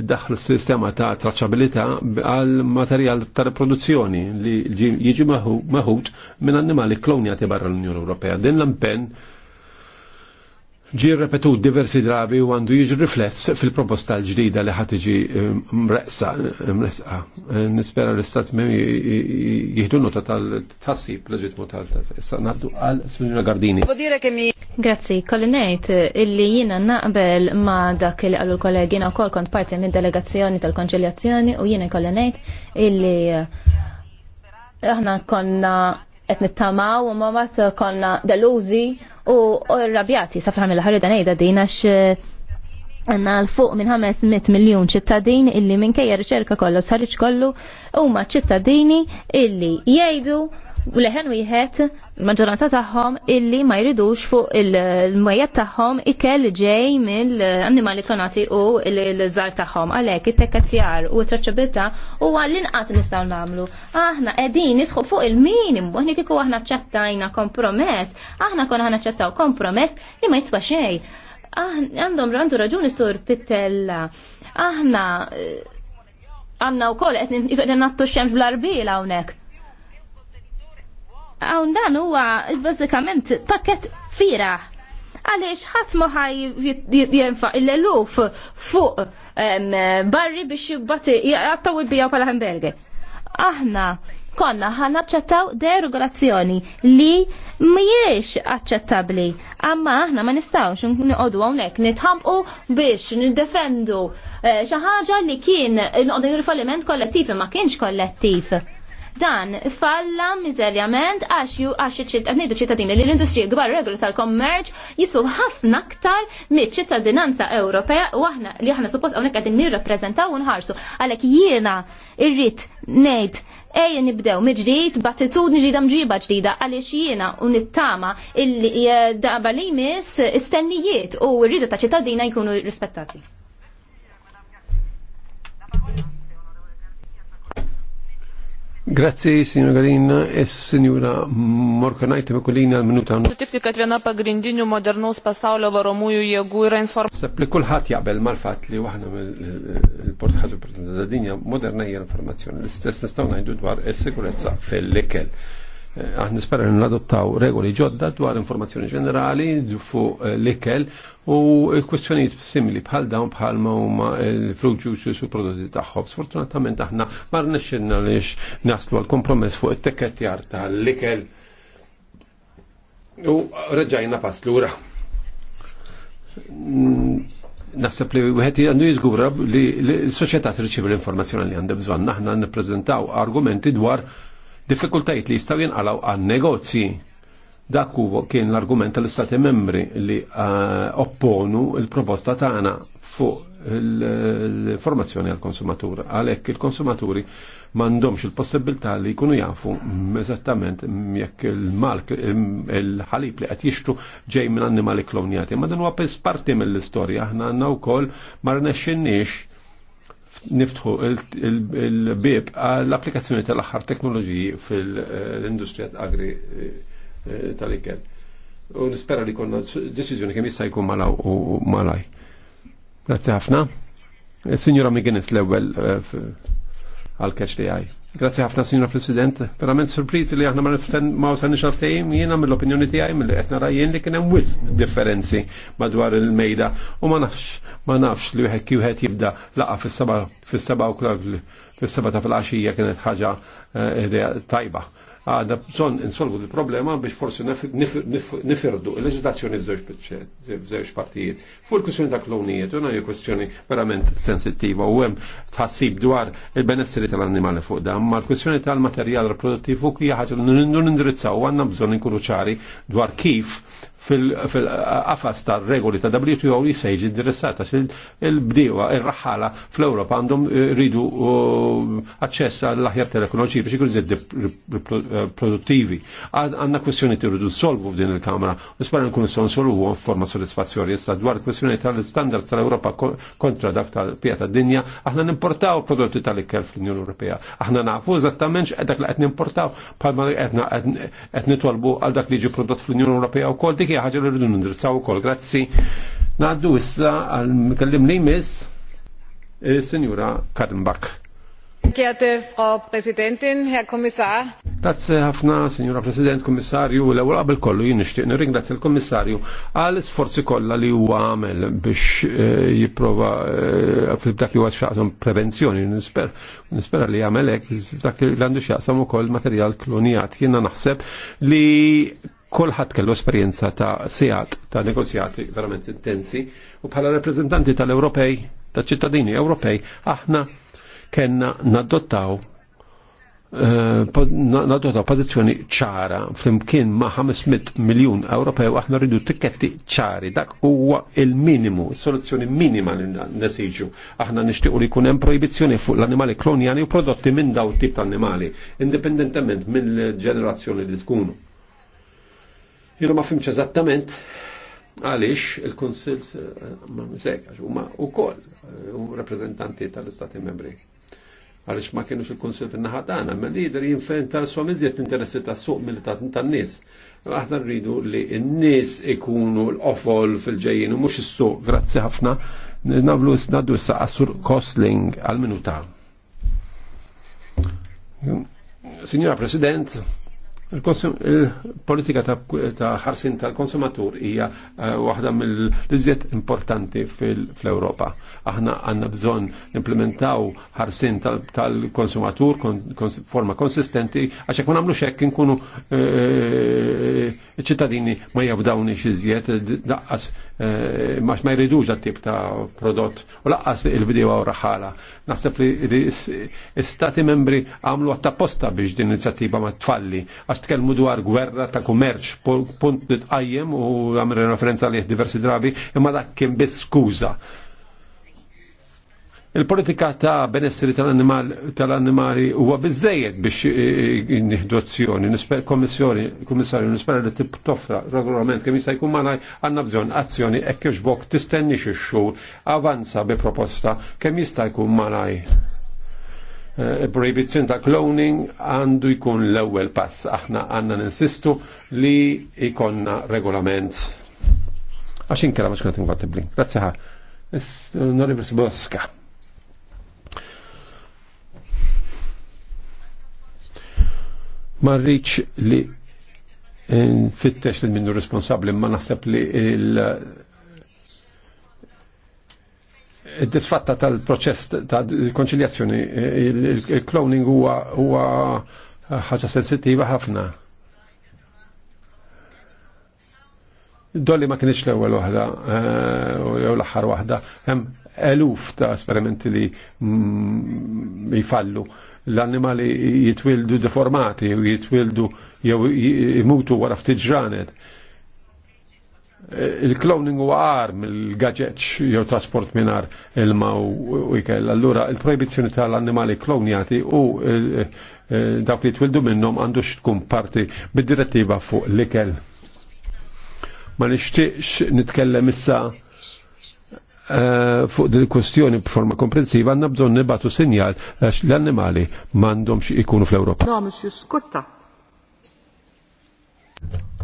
daħl sistema ta' traċabilità għal materjal ta' riproduzzjoni li jiġi maħut minn annimali klonjati barra l-Unjoni Ewropea. Din l-impenn ġi repetut diversi drabi u għandu jiġi rifless fil-proposta l-ġdida li ħatiġi eh, mreqsa, eh, mreqsa. Eh, nispera l-istat mem jihdu nota tal-tassib leġitmu tal-tassib. Naddu għal Sunjura Gardini. Grazzi, kollinejt illi jina naqbel ma dak li għallu kollegi jina kol kont parti minn delegazzjoni tal-konċiljazzjoni u jina kollinejt illi aħna konna etnittamaw u ma konna deluzi u rrabjati safra mill-ħarri dan ejda din għax eh, għanna l-fuq minn 500 miljon ċittadin illi minkejja riċerka kollu, sħarriċ kollu, huma ċittadini illi jgħidu u leħen wieħed maġġoranza tagħhom illi ma jridux fuq il-mwejjed tagħhom ikel ġej mill-annimali klonati u l-żar tagħhom. Għalhekk it-tekkazzjar u t-traċċabilità u l-inqas nistgħu nagħmlu. Aħna qegħdin nisħu fuq il-minimu, aħna kiku għahna ċattajna kompromess, aħna kon għahna ċattaw kompromess li ma jiswa xejn. Għandhom għandu raġuni sur Pittella. Aħna eh, għanna u koll, jisqedin nattu xemx bl la unek għaw dan huwa bażikament pakket fira. Għaliex ħadd moħaj jenfa' il luf fuq barri biex jibbati jgħattaw il-bija pala hamburger. Aħna konna ħan aċċettaw deregolazzjoni li mhijiex aċċettabbli. Amma aħna ma nistgħux nqogħdu hawnhekk nitħamqu biex niddefendu eh, xi ħaġa li kien nqogħdu falliment kollettiv ma kienx kollettiv. Dan falla mizerjament għax ngħidu ċittadini li l-industrija kbar regolu tal-kommerċ jiswu ħafna aktar mill-ċittadinanza Ewropea u aħna li aħna suppost hawnhekk għadin nirrappreżentaw u nħarsu għalhekk jiena irrit ngħid Ej nibdew miġdijt b'attitudni ġida mġiba ġdida għaliex jiena u nittama il-daba eh, li jmiss istennijiet u rrida ta' ċittadina jkunu rispettati. Grazie, signora Galina e signora Morkanait, al minuto Morkanajte Mekulina minuta. Tifti kad viena pagrindinių modernaus pasaulio e varomųjų jėgų yra Se Sapli kulħat hat mal-fat li waħna ah, il-portħat e, e, u dinja moderna hija informazione. L-istess nistgħu ngħidu dwar is-sikurezza fil Għan eh, nispera n-adottaw regoli ġodda dwar informazzjoni ġenerali fuq eh, l-ikel u kwestjoniet simili bħal dawn bħal ma huma l-fruit eh, juices u prodotti tagħhom. Sfortunatament aħna mar nexxinna lix naslu għal kompromess fuq it ta l ikel u reġajna pass lura mm, naħseb li wieħed għandu jiżgura li l-soċjetà tirċievi l-informazzjoni li għandha bżonn. Aħna nippreżentaw argumenti dwar diffikultajiet li jistaw jinqalaw għan negozji. Dak huwa kien l-argument tal-Istati membri li eh, opponu il-proposta tagħna fuq l-formazzjoni għal konsumatur għalhekk il-konsumaturi m'għandhomx il-possibilità li jkunu jafu eżattament jekk il-malk il-ħalib li qed jixtru ġej minn annimali klonjati. Ma dan huwa parti mill-istorja aħna għandna wkoll ma rnexxinniex niftħu il-bib għall-applikazzjoni tal-aħħar teknoloġiji fil-industrija agri eh, eh, tal-ikel. U nispera li konna deċiżjoni kemm jista' jkun malaw u malaj. Grazzi ħafna. Eh, Signora Miginis l-ewwel għal-keċ li għaj. Grazie ħafna, Signor President. Verament surpriz li aħna ma wasalni xaftajim, jiena mill-opinjoni tiegħi mill qed nara jien li kien hemm wis differenzi madwar il-mejda u ma nafx ma nafx li wieħed kif wieħed jibda laqa fis-seba fis-seba u fis-seba ta' fil-għaxija kienet ħaġa eh, tajba għada bżon insolvu il-problema biex forsi nifirdu il-leġislazzjoni f'żewġ partijiet. Fuq il-kwestjoni ta' klonijiet, unna hija kwestjoni verament sensittiva u hemm tħassib dwar il-benesseri tal-annimali fuq dan, ma l-kwestjoni tal-materjal riproduttiv hija ħaġa nindirizzaw għandna bżonn inkunu ċari dwar kif fil-qafas tar regoli ta' WTO li se jiġi interessata il-bdiewa, il-raħala fl-Ewropa għandhom eh, ridu eh, aċċess għall-aħjar tal-ekonomġi biex ikun zeddi eh, produttivi. Għandna kwestjoni ti rridu solvu f'din il-Kamra, u spara nkun son solvu forma soddisfazzjoni jista dwar kwestjoni tal-standards tal europa kontra dak tal-pija tad-dinja, aħna nimportaw prodotti tal-ikkel fl-Unjoni Ewropea. Aħna nafu eżattament dak li qed nimportaw palma qed nitolbu għal dak li jiġi prodott fl-Unjoni Ewropea wkoll dik ħaġa ħaġa li rridu nindirizzaw ukoll. Grazzi. Naddu issa għal mikellim li miss eh, Sinjura Kadenbach. Geehrte Frau Präsidentin, Herr Kommissar. Grazie ħafna, Signora President, Kommissarju, l-ewwel qabel kollu jien nixtieq nirringrazzja l-Kommissarju għal sforzi kollha li huwa għamel biex eh, jipprova eh, fil-dak li huwa xaqsam prevenzjoni, nisper nispera li jagħmel hekk dak li għandu xaqsam ukoll materjal klonijat. Jiena naħseb li kolħat kellu esperienza ta' sijat, ta' negozjati verament intensi, u bħala reprezentanti tal-Ewropej, ta' ċittadini Ewropej, aħna kena nadottaw eh, nadottaw pozizjoni ċara flimkien ma' 500 miljon u aħna rridu tikketti ċari dak huwa il-minimu, soluzzjoni minima li nesiġu. Aħna nixtiequ li jkun hemm fuq l-annimali klonjani u prodotti minn daw tip ta' annimali, indipendentement mill-ġenerazzjoni li tkunu Jiena ma fimx eżattament għaliex il konsil eh, ma mxejkax huma wkoll eh, u reprezentanti tal-Istati Membri. Għaliex ma kienux il konsil fin naħatana tagħna, ma lider jinfen tal swa mizjet interessi tas-suq militat tan-nies. Aħna rridu li n-nies ikunu l-ofol fil ġejjinu mux mhux is-suq. Grazzi ħafna. Nablu s-naddu s-saqassur Kosling għal-minuta. Signora President, Il-politika ta' ħarsin tal-konsumatur hija eh, waħda mill-iżjed importanti fl-Ewropa. Aħna għanna bżon implementaw ħarsin tal-konsumatur forma konsistenti għax jekk nagħmlu xekk inkunu eh, ċittadini ma jafdawni iżjed daqqas Eh, max ma jridux dat-tip ta' prodott u laqqas il-bdiewa għaw raħala. Naħseb li stati membri għamlu għat-posta biex din inizjattiva ma tfalli għax tkellmu dwar gwerra ta' kummerċ punt li u għamre referenza li diversi drabi imma dak kien biss skuża Il-politika ta' benessri tal-animali huwa biżejjed biex eh, eh, nieħdu azzjoni, kummissarju, nispera li toffra regolament kemm jista' jkun malaj għandna bżonn azzjoni hekk kiex bok tistenni xi xhur avanza bi proposta kemm jista' jkun malaj. Eh, prohibizzjoni ta' cloning għandu jkun l-ewwel pass aħna għandna ninsistu li jkollna regolament. Għaxin kera maċkunat inkompatibli. Grazzi ħa. Onorevole Boska. Ma rridx li eh, fit li minnu responsabli ma naħseb li il disfatta tal-proċess ta' konċiljazzjoni il-cloning huwa ħaġa sensittiva ħafna. Dolli ma kienx l-ewwel waħda eh, jew l-aħħar waħda, hemm eluf ta' esperimenti li jfallu. Mm, L-annimali jitwildu deformati jitwildu jew jimutu wara ftit ġranet. Il-cloning huwa għar mill-gaġeċ jew trasport minar il-ma u ikel. Allura il-proibizzjoni tal-annimali klonjati u eh, eh, dawk li twildu minnhom għandux tkun parti bid-direttiva fuq l-ikel. Ma nishtiqx nitkellem issa Eh, fuq din il-kwestjoni b'forma komprensiva għandna bżonn nibatu sinjal għax l-annimali m'għandhomx ikunu fl-Ewropa. No, mhux Skutta.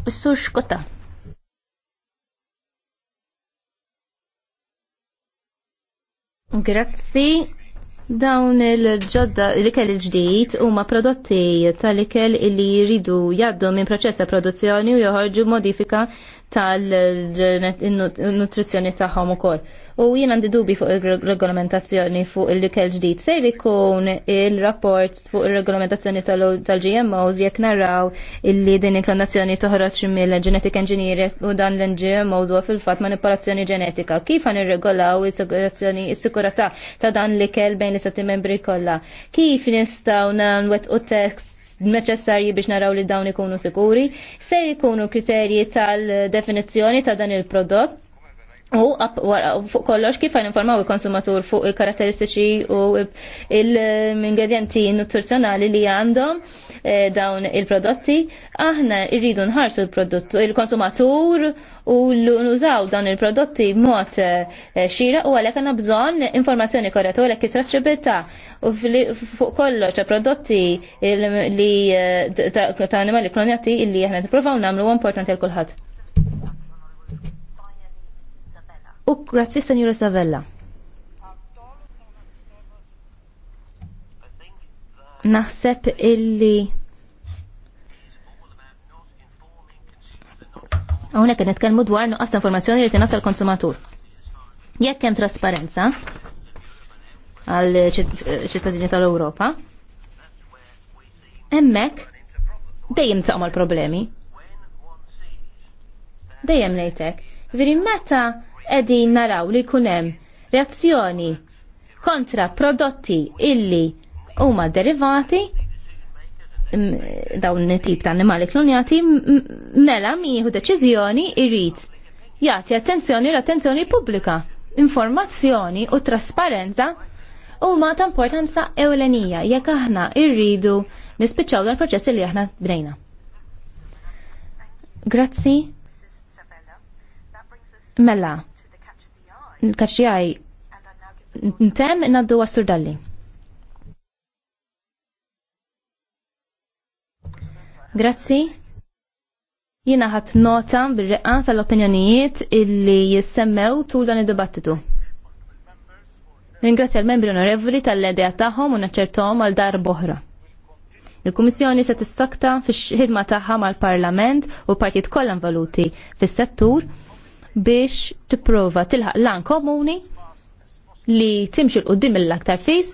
Issu xkotta. Grazzi dawn il-ġodda l-ikel il-ġdijt huma prodotti tal-ikel li jridu jaddu minn proċess ta' produzzjoni u joħorġu modifika tal-nutrizzjoni tagħhom ukoll u jien għandi dubi fuq il-regolamentazzjoni fuq il-likel ġdid. Sejr ikun il-rapport fuq il-regolamentazzjoni tal-GMOs jekk naraw illi din inklinazzjoni toħroġ mill-genetic engineering u dan l-GMOs u fil-fatt manipolazzjoni ġenetika. Kif għan irregolaw is-sikurata ta' dan l-ikel bejn l-istati membri kollha? Kif nistaw wet u tekst neċessarji biex naraw li dawn ikunu sikuri, se jkunu kriterji tal-definizzjoni ta' dan il-prodott, U fuq kollox kif informaw il-konsumatur fuq il-karatteristiċi u l-ingredienti nutrizjonali li għandhom eh, dawn il-prodotti, aħna irridu nħarsu il-prodott, il-konsumatur u l-nużaw dawn il-prodotti mod eh, xira u għalek għanna bżon informazzjoni korretta u għalek traċċibilità u fuq kollox prodotti li eh, ta' animali klonjati li aħna t-provaw namlu importanti għal kulħadd. U grazzi Senjura Savella. Naħseb illi Hawnhekk qed nitkellmu dwar nuqqas informazzjoni li tingħata l-konsumatur. Jekk hemm trasparenza għal ċittadini tal-Ewropa, hemmhekk dejjem taqma l-problemi. Dejjem ngħidlek. Veri meta edin naraw li kunem reazzjoni kontra prodotti illi huma derivati dawn tip ta' animali klonjati mela miħu deċiżjoni irrid jagħti attenzjoni l-attenzjoni pubblika. Informazzjoni u trasparenza huma ta' importanza ewlenija jekk aħna irridu nispiċċaw dan proċess li aħna bnejna. Grazzi. Mela, kaċċijaj ntem naddu għastur dalli. Grazzi. Jina ħat nota bil-reqqa tal-opinjonijiet illi jissemmew tul dan id-dibattitu. Ringrazzja l-membri onorevoli tal-ledja tagħhom u naċċertahom għal dar boħra. Il-Kummissjoni se tissakta fix-ħidma tagħha mal-Parlament u partijiet kollha involuti fis-settur biex tipprova tilħaq lan komuni li timxil qoddim l-aktar fis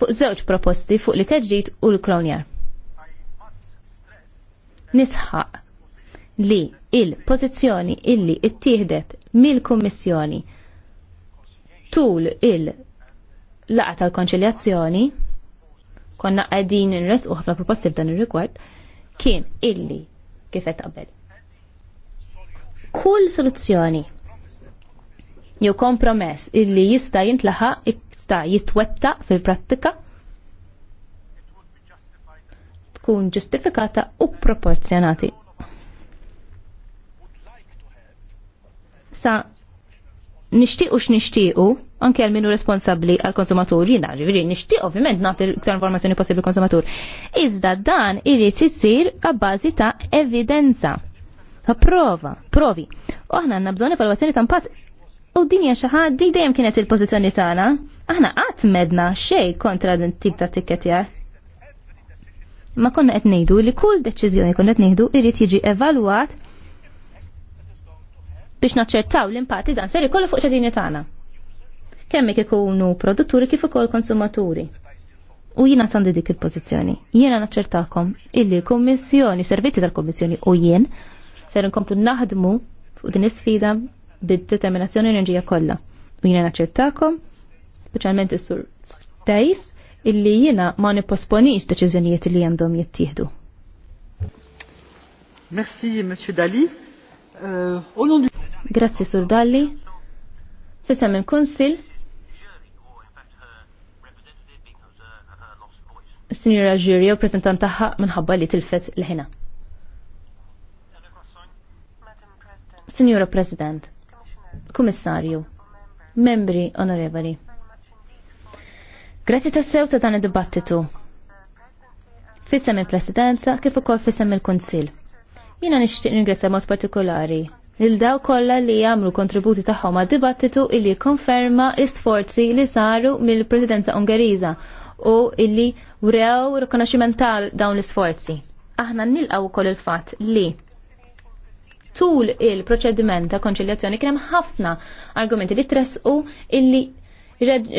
fuq żewġ proposti fuq li keġġit u l-kronjar. Nisħaq li il-pozizjoni illi ittieħdet mill-Kummissjoni tul il-laqa tal-konċiljazzjoni konna qegħdin nresqu ħafna proposti f'dan ir-rigward kien illi kifet qabel kull soluzzjoni jew kompromess illi jista' jintlaħa jista' jitwettaq fil-prattika tkun ġustifikata u proporzjonati. Sa nixtiequ x'nixtiequ anke għal minu responsabbli għal konsumatur jina, ġifieri nixtieq ovvjament nagħti l-iktar informazzjoni possibbli konsumatur. Iżda dan irid isir għabbażi ta' evidenza ta' prova, provi. U aħna għandna bżonn evalwazzjoni ta' impatt u dinja xaħad, xi di dejjem kienet il-pożizzjoni tagħna. Aħna qatt medna xejn kontra din tip ta' jar. Ma konna qed ngħidu li kull deċiżjoni konna qed ngħidu irid jiġi evalwat biex naċċertaw l-impatti dan ser ikollu fuq ċedini tagħna. Kemm ikunu produtturi kif ukoll konsumaturi. U jiena tandi dik il-pożizzjoni. Jiena naċċertakom illi kummissjoni, servizzi tal-kummissjoni u jien ser nkomplu naħdmu fuq din is-sfida bid-determinazzjoni l-enerġija kollha. U jiena naċċettakom, speċjalment is-sur Tejs, illi jiena ma nipposponix deċiżjonijiet li għandhom jittieħdu. Merci, Monsieur Dali. Euh, Grazzi, Sur Dalli. Fisem minn kunsil Signora Ġiri, u prezentant taħħa minħabba li tilfet l-ħina. Signora President, Kummissarju, membri onorevoli. Grazzi tassew ta' dan id-dibattitu. Fissem il-Presidenza kif ukoll fissem il-Kunsill. Jiena nixtieq ningrazzja mod partikolari lil daw kollha li jagħmlu kontributi tagħhom għad-dibattitu illi konferma l-isforzi li saru mill-Presidenza Ungeriża u illi wrew rikonoxximent tal dawn l-isforzi. Aħna nilqgħu ukoll il-fatt li tul il-proċediment ta' konċiljazzjoni kien hemm ħafna argumenti li tresqu illi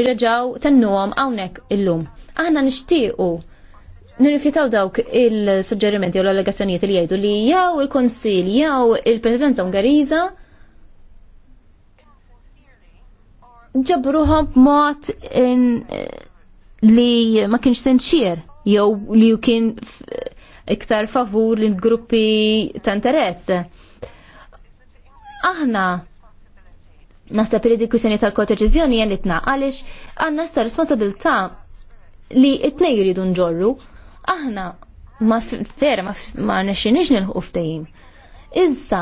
reġaw tennuhom hawnhekk illum. Aħna nixtiequ nirrifjutaw dawk il-suġġerimenti u l-allegazzjonijiet li jgħidu li jew il-Konsil jew il-Presidenza Ungariża ġabruħom b'mod li ma kienx senċier jew li kien iktar favur l gruppi ta' interess aħna naħseb li dikussjoni tal-kodeċizjoni jenitna għaliex għanna issa responsabilta li it-nej jridu nġorru, aħna ma vera ma nesċinix nilħu ftehim. izza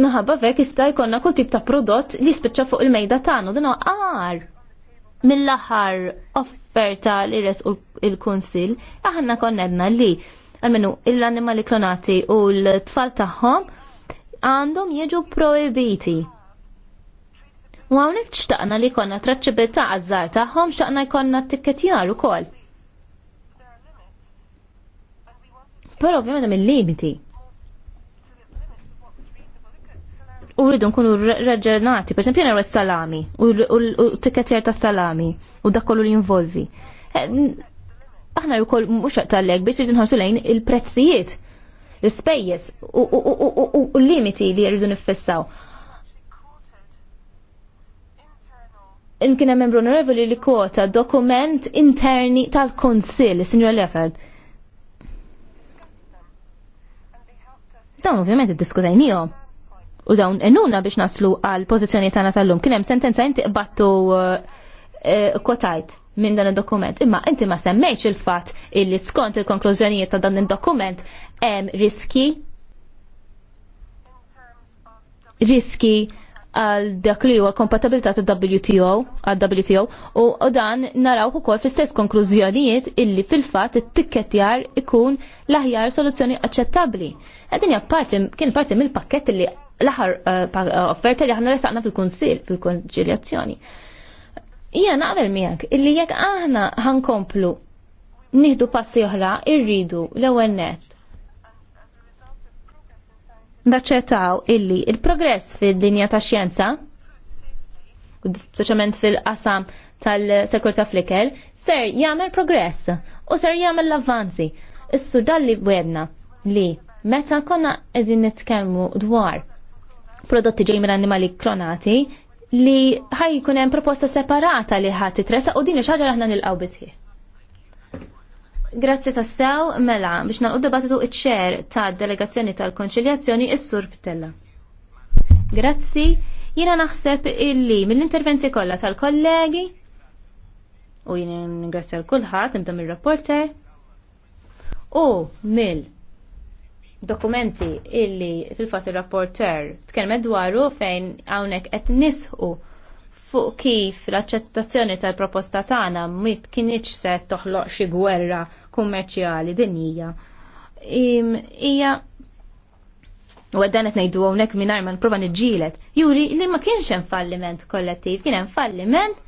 maħabba vek jista' jkollna kull tip ta' prodott li spiċċa fuq il-mejda tagħna din għar mill-aħħar offerta li res il-Kunsill aħna konnedna li għalmenu l-annimali klonati u l-tfal tagħhom għandhom jiġu proibiti. U għawnek xtaqna li konna traċċibilta għazzar taħħom xtaqna jkonna t-tikketjar u kol. Pero ovvijament hemm il-limiti. U rridu nkunu reġenati, per esempio jena salami u t-tikketjar ta' salami u dak kollu li jinvolvi. Eh, aħna u kol mux tal-leg biex rridu nħarsu lejn il-prezzijiet l-ispejjeż u l-limiti li jridu niffissaw. Inkina membru onorevoli li kwota dokument interni tal konsil signor Leffert. Dawn ovvjament iddiskutejnihom. U dawn enuna biex naslu għal pożizzjoni tagħna tal-lum. Kien hemm sentenza inti battu eh, eh, kotajt minn dan id-dokument. Imma inti ma semmejx il-fatt illi skont il-konklużjonijiet ta' dan id-dokument hemm riski riski għal dak li huwa kompatibilità ta' WTO għal WTO u dan naraw ukoll fl-istess konklużjonijiet illi fil-fatt it-tikketjar ikun l-aħjar soluzzjoni aċċettabbli. Għadin hija parti kien parti mill-pakkett li l-aħħar eh, offerta li aħna resaqna fil-kunsil fil konġiljazzjoni Ija naqbel miegħek illi jekk aħna ħankomplu nieħdu passi oħra irridu l-ewwel net Naċċettaw illi il-progress fil dinja ta' xjenza, speċjalment fil-qasam tal ta' flikel, ser jagħmel progress u ser jagħmel l-avvanzi. Issu dan li wedna li meta konna qegħdin nitkellmu dwar prodotti ġej minn annimali klonati li ħaj jkun hemm proposta separata li ħadd titresa u din xi ħaġa aħna nilqgħu bisħieħ. Grazzi ta' mela, biex nanqu dibattitu iċ-ċer ta' delegazzjoni tal-konċiljazzjoni is-Sur Pitella. Grazzi, jina naħseb illi mill-interventi kollha tal-kollegi u jina ningrazzja l kulħadd imda mill rapporter u mill dokumenti illi fil-fat il-rapporter tkellmet dwaru fejn hawnhekk qed nisħu fuq kif l-aċċettazzjoni tal-proposta tagħna mit kienieċ se toħloq xi gwerra kummerċjali din hija. Hija u għaddan qed ngħidu hawnhekk mingħajr ma nipprova niġġielet. Juri li ma kienx hemm falliment kollettiv, kien hemm falliment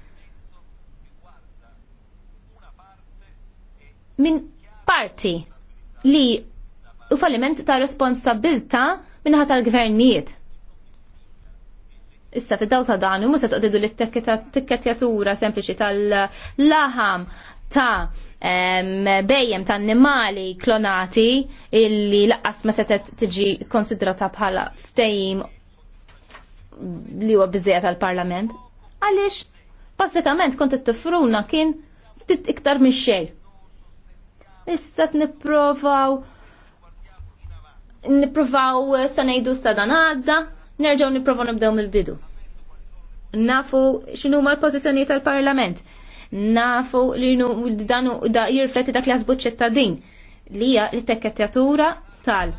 minn parti li u falliment ta' responsabilta minnaħat tal-gvernijiet. Issa fid-daw ta' dan, u musa ta' li t-tikketjatura sempliċi tal-laħam ta' bejjem ta' annimali klonati illi laqqas ma setet tiġi konsidrata bħala ftejim li huwa bizzejja tal-Parlament. Għaliex, bażikament kont tifruna kien ftit iktar minn xejn. Issa t-niprovaw ngħidu sa sadan għadda, nerġgħu nipprovaw nibdew mill-bidu. Nafu x'inhuma l pożizzjonijiet tal-parlament nafu li danu da jirfletti dak li ta' din li hija l-tekkettatura tal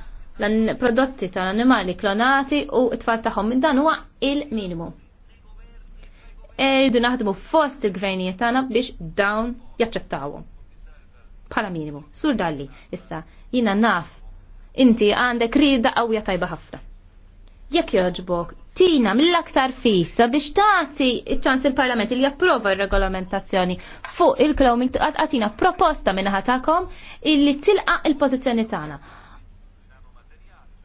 prodotti tal-animali klonati u t-tfal tagħhom minn dan huwa il-minimu. Irridu naħdmu fost il-gvernijiet tagħna biex dawn jaċċettawhom. Bħala minimu. Sur dalli, issa, jina naf, inti għandek rida qawwija tajba ħafna jekk joġbok, tina mill-aktar fissa biex tagħti ċans il-Parlament li japprova r-regolamentazzjoni fuq il-cloming għatina proposta minna ħatakom illi tilqa il-pożizzjoni tagħna.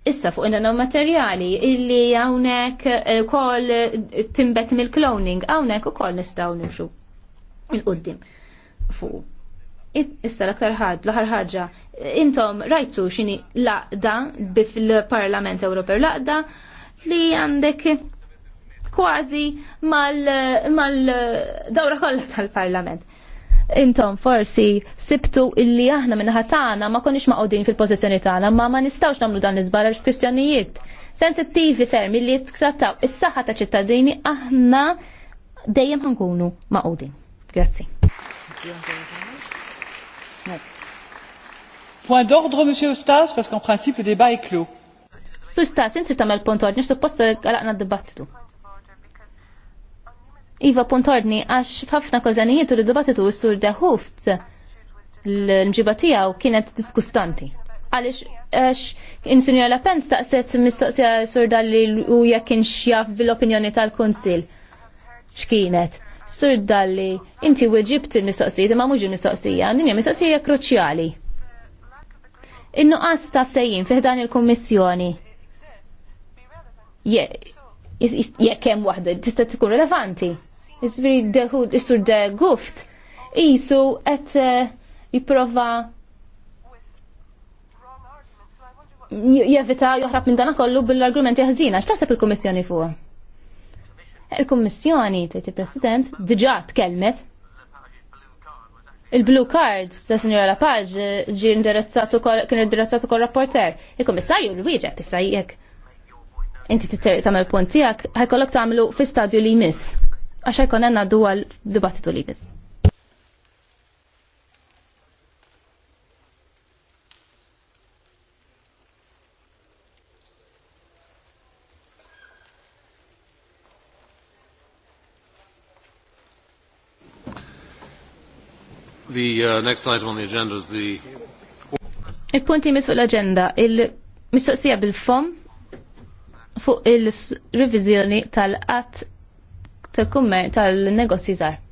Issa fuq inna materjali illi hawnhekk eh, ukoll eh, timbet mill-cloning hawnhekk ukoll nistgħu nifxu il-qudiem fuq. Issa l-aktar ħad, l-aħħar ħaġa, intom rajtu xini laqda bif il-Parlament Ewropew laqda li għandek kważi mal-dawra kollha tal-Parlament. Intom forsi sibtu illi aħna minn tagħna ma konniex maqodin fil-pożizzjoni tagħna, ma ma nistgħux nagħmlu dan l żbara f'kwistjonijiet sensittivi fermi li jittrattaw is-saħħa ta' ċittadini aħna dejjem ħankunu maqodin. Grazzi. Point d'ordre, Monsieur Eustace, parce qu'en principe le débat est clos. Sustat, inti tagħmel punt ordni, suppost għalaqna d-dibattitu. Iva punt għax f'ħafna kozanijiet u d-dibattitu s-sur daħuft l-mġibatija u kienet diskustanti. Għalix, għax insinjora la Pence taqset mistoqsija Sur li u jekk inxjaf bil-opinjoni tal-Konsil. X'kienet? Sur li inti weġibt il mistoqsija ma mhux il-mistoqsija, dinja mistoqsija kruċjali. Innuqas ta' ftejjin fih dan il-Kummissjoni jekk hemm waħda tista' tkun relevanti. Isbiri deħud istur de guft isu qed eh, jipprova jevita joħrab minn dana kollu bil-argumenti ħażina. X'taħseb il-Kummissjoni fuq? Il-Kummissjoni tgħid il-President diġà tkellmet il-blue card ta' Sinjora Lapage ġi indirizzat ukoll kien indirizzat ukoll rapporter. Il-Kummissarju l-wieġeb issa jekk inti titterri tamel pontijak, ħajkollok tamlu fi stadju li jmiss. Għax ħajkon għanna dual dibattitu li jmiss. The uh, next item on the agenda is the... Il-punti mis fuq l-agenda, il-mistoqsija bil-fom fuq il-revizjoni tal-qatt tal-kummer tal-negozji żgħar.